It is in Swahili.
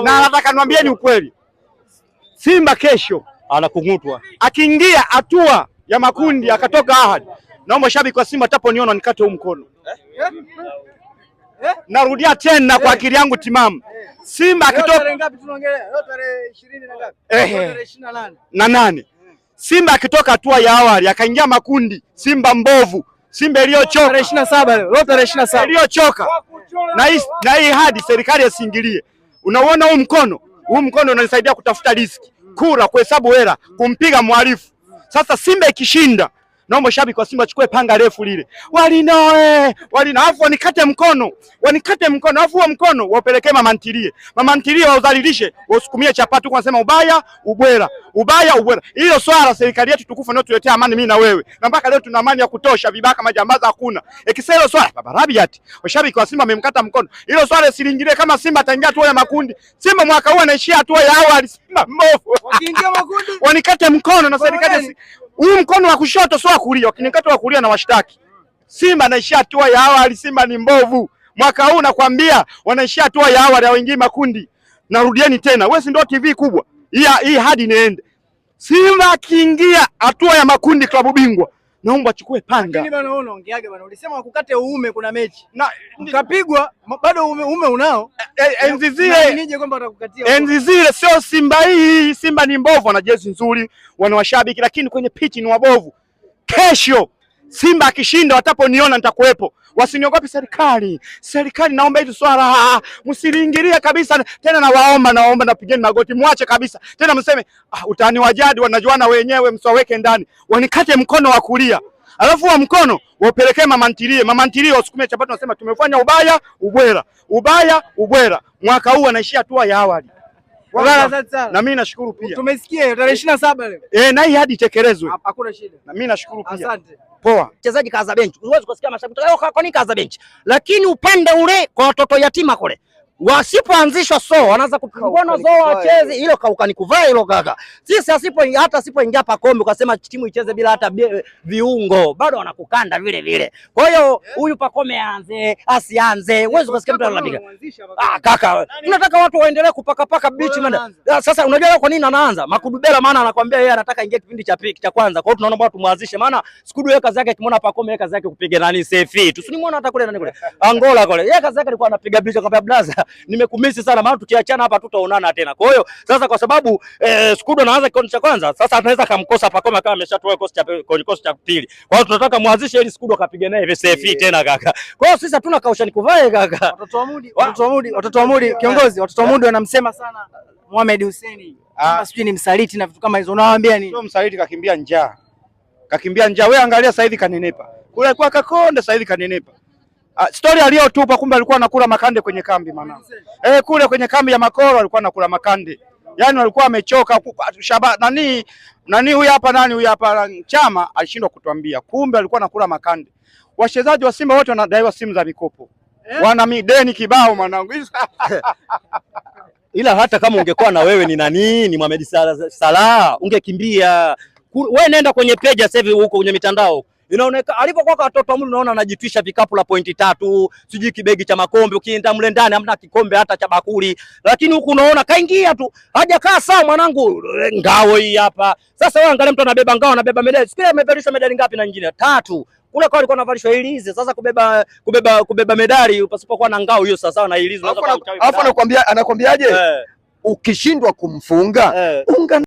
na nataka niwaambie ni ukweli, Simba kesho anakung'utwa akiingia hatua ya makundi akatoka Ahadi. Naomba shabiki wa Simba taponiona nikate huu mkono eh? Eh? Narudia tena kwa akili yangu timamu, Simba akitoka na nane, Simba akitoka hatua ya awali akaingia makundi, Simba mbovu, Simba iliyochoka iliyochoka, na hii hadi serikali asiingilie Unauona huu mkono, huu mkono unanisaidia kutafuta riziki, kura, kuhesabu hela, kumpiga mhalifu. Sasa Simba ikishinda naomba shabiki wa Simba chukue panga refu lile, walinoe walino, afu wanikate mkono, wanikate mkono, afu huo mkono wapelekee mama ntilie, mama ntilie waudhalilishe, wasukumie chapati huko, wanasema ubaya ubwela, ubaya ubwela. Hilo swala serikali yetu tukufu ndio tuletea amani, mimi na wewe, na mpaka leo tuna amani ya kutosha, vibaka majambaza hakuna. Ikisema hilo swala baba Rabiat, washabiki wa Simba wamemkata mkono, hilo swala silingilie. Kama Simba ataingia hatua ya makundi, Simba mwaka huu anaishia hatua ya awali. Simba mbovu wakiingia makundi wanikate mkono na serikali huu mkono wa kushoto sio wa kulia, ukinikata wa kulia na washtaki. Simba naishia hatua ya awali, Simba ni mbovu. Mwaka huu nakwambia wanaishia hatua ya awali, hawaingii makundi. Narudieni tena, wewe si ndio TV kubwa? Hii hadi niende. Simba akiingia hatua ya makundi klabu bingwa naomba achukue panga. Lakini bwana, wewe unaongeaga bwana? ulisema wakukate uume, kuna mechi na ukapigwa, bado uume, uume unao. Enzi eh, eh, eh, zile nije kwamba atakukatia enzi zile, sio Simba hii. Simba ni mbovu, wana jezi nzuri, wana washabiki, lakini kwenye pichi ni wabovu. Kesho Simba akishinda wataponiona nitakuwepo, wasiniogope serikali. Serikali naomba hizo swala msiliingilie kabisa tena, nawaomba, nawaomba, napigeni magoti, mwache kabisa tena, mseme ah, utani wa jadi wanajuana wenyewe, msiwaweke ndani, wanikate mkono wa kulia alafu wa mkono waupelekee mama ntilie, mama ntilie wasukume chapati, nasema tumefanya ubaya ubwera, ubaya ubwera. Mwaka huu anaishia hatua ya awali na mimi nashukuru pia, tumesikia tarehe 27 leo eh, na hii hadi itekelezwe, hakuna shida, na mimi nashukuru pia, asante poa, mchezaji kaza benchi. Unaweza kusikia mashabiki kwa nini kaza benchi, lakini upande ule kwa watoto yatima kule wasipoanzishwa so wanaanza kupigana zoo wacheze hilo kaukanikuvaa hilo kaka. Sisi asipo hata asipoingia pa kombe ukasema timu icheze bila hata viungo bado wanakukanda vile vile. Kwa hiyo eh? huyu pakome aanze asianze, eh, uwezo kusikia mtu analalamika. Ah kaka, tunataka watu waendelee kupaka paka bichi man. Ah, sasa unajua kwa nini anaanza Makudubela? Maana anakuambia yeye anataka ingie kipindi cha pili cha kwanza. Kwa hiyo tunaona bwana tumwanzishe, maana sikudu yeye kazi yake tumeona pakome yeye kazi yake kupiga nani safe tu, si nimeona hata kule nani kule Angola kule yeye kazi yake alikuwa anapiga bichi, akamwambia blaza nimekumisi sana, maana tukiachana hapa tutaonana tena. Kwa hiyo sasa, kwa sababu eh, Skudo anaanza kikosi cha kwanza, sasa anaweza kamkosa Pakome kama ameshatoa kikosi cha kikosi cha pili. Kwa hiyo tunataka muanzishe ili Skudo akapige naye VCF tena kaka. Kwa hiyo sisi hatuna kaushani kuvae kaka. Watoto wa Mudi, watoto wa Mudi, watoto wa Mudi kiongozi, watoto wa Mudi wanamsema sana Mohamed Hussein. Ah, sijui ni msaliti na vitu kama hizo. Unawaambia nini? Sio msaliti, kakimbia njaa. Kakimbia njaa. Wewe angalia sasa hivi kanenepa. Kule kwa kakonde sasa hivi kanenepa. Uh, ah, stori aliyotupa kumbe alikuwa anakula makande kwenye kambi mwanangu. Eh, kule kwenye kambi ya Makoro alikuwa anakula makande. Yaani alikuwa amechoka shaba nani nani huyu hapa nani huyu hapa Chama alishindwa kutuambia. Kumbe alikuwa anakula makande. Wachezaji wa Simba wote wanadaiwa simu za mikopo. Eh? Wana mideni kibao mwanangu. Ila hata kama ungekuwa na wewe ni nani ni Mohamed Salah, Salah ungekimbia. Wewe nenda kwenye peja sasa hivi huko kwenye mitandao inaonekana alipokuwa kwa watoto mle, unaona anajitwisha vikapu la pointi tatu, sijui kibegi cha makombe. Ukienda mle ndani hamna kikombe hata cha bakuli, lakini huku unaona kaingia tu, hajakaa sawa mwanangu. Ngao hii hapa sasa, wewe angalia, mtu anabeba ngao, anabeba medali, sikia amevalishwa medali ngapi? Na nyingine tatu kule kwa alikuwa anavalishwa ilizi. Sasa kubeba kubeba kubeba medali pasipokuwa na ngao hiyo sawa sawa na ilizi. Alafu anakuambia anakuambiaje? Eh. Ukishindwa kumfunga eh, unga